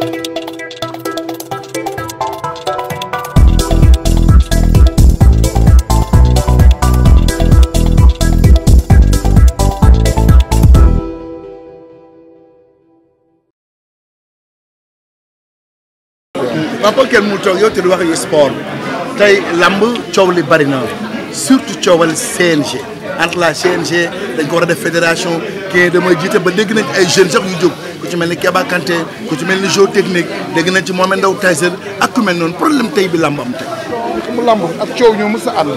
papa kenn mu toog yow te di wax yu sport tey lamb coow li bari na surtout coowal CNG entre la CNG dañ ko war a def fédération kii dama jiite ba dégg nañ ay jeunes sax yu jóg ku ci mel ni Keba Kanté ku ci mel ni géotechnique dégg nañ ci Mohamed Ndao Tyson ak ku mel noonu problème tey bi làmb am tey. mu làmb ak coow ñoo mës a ànd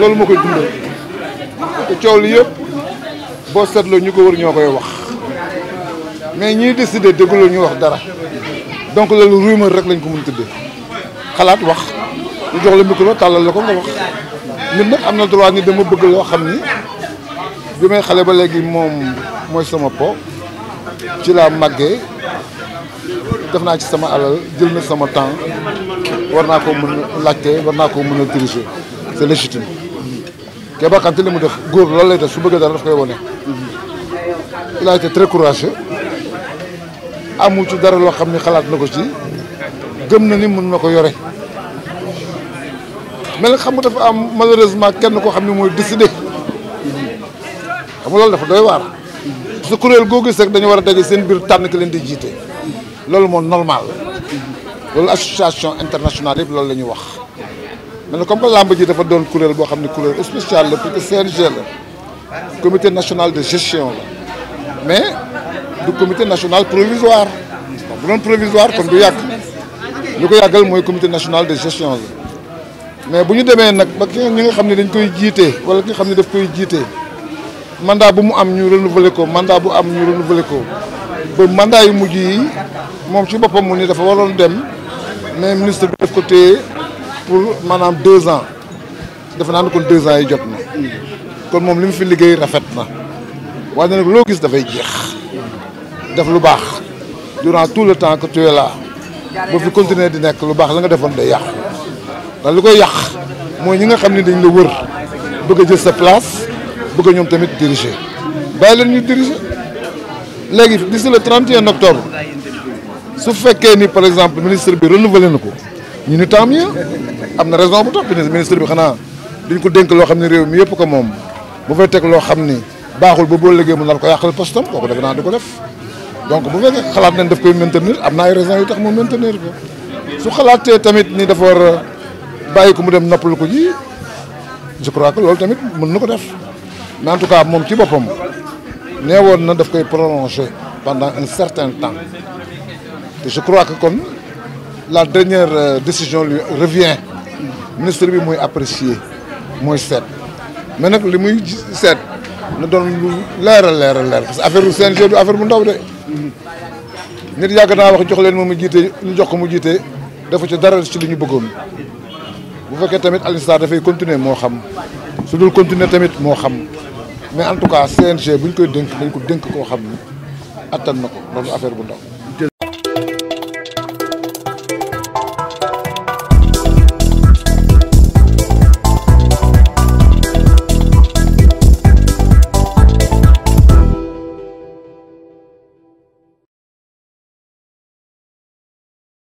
loolu moo koy dundal te coow li yëpp boo seetloo ñu ko wër ñoo koy wax mais ñiy décider dégguloo ñu wax dara donc loolu rumeur rek lañ ko mun tuddee xalaat wax ñu jox la micro tàllal la ko nga wax nit nag am na droit ni bëgg loo xam ni bi may xale ba léegi moom mooy sama po ci laa màggee def naa ci sama alal jël na sama temps war naa ko mën a laajte war naa ko mën a diriger c'est légitime Keba Kanté li mu def góor loolu lay def su bëggee dara daf koy wone il a très courageux amu ci dara loo xam ne xalaat na ko ci gëm na ni mën na ko yore mais nag xam nga dafa am malheureusement kenn koo xam ne mooy décidé xam loolu dafa doy waar su kuréel goo gis rek dañu war a daje seen biir tànn ki leen di jiite loolu moom normal loolu association internationale yëpp loolu la ñu wax mais nag comme que làmb ji dafa doon kuréel boo xam ne kuréel spécial la parce que CNG la comité national de gestion la mais du comité national provisoire bu doon provisoire kon du yàgg lu ko yàggal mooy comité national de gestion la mais bu ñu demee nag ba ki ñi nga xam ne dañ koy jiitee wala ki nga xam ne daf koy jiite mandat bu mu am ñu renouveler ko mandat bu am ñu renouveler ko ba mandat yu mujj yi moom ci boppam mu ni dafa waroon dem mais ministre bi def ko téye pour maanaam deux ans dafa naa ne kon deux ans yi jot na kon moom li mu fi liggéey rafet na waaye nag loo gis dafay jeex def lu baax durant tout le temps que tu es fi continuer di nekk lu baax la nga defoon day yàqu ndax li koy yàq mooy ñi nga xam ne dañ la wër bëgg a jël sa place bëgg ñoom tamit diriger bàyyi leen ñu diriger léegi d'ici le 31 octobre su fekkee ni par exemple ministre bi renouvelé leen ko ñu ni tant mieux am na raison bu tax ministre bi xanaa duñ ko dénk loo xam ne réew mi yëpp ko moom bu fay teg loo xam ni baaxul ba boo liggéey mu nar ko yàqal postam kooku def naa di ko def donc bu fekkee xalaat nañ def koy maintenir am naa ay raison yu tax mu maintenir ko su xalaatee tamit nii dafa war a bàyyi ko mu dem noppal ko ji je crois que loolu tamit mën na ko def mais en tout cas moom ci boppam nee woon na daf koy prolonger pendant un certain temps te je crois que kon la dernière euh, décision lui revient ministre bi mooy apprécier mooy seet mais nag li muy seet na doon lu leer leeral leer a leer parce que affaire bu CNG du affaire bu ndaw de nit yàgg naa wax jox leen moom mu jiite ñu jox ko mu jiite dafa ci dara ci li ñu bëggoon bu fekkee tamit Alioune Sarr dafay continuer moo xam su dul continuer tamit moo xam mais en tout cas CNG bu ñu koy dénk dañ ko dénk koo xam ni attan na ko loolu affaire bu ndaw.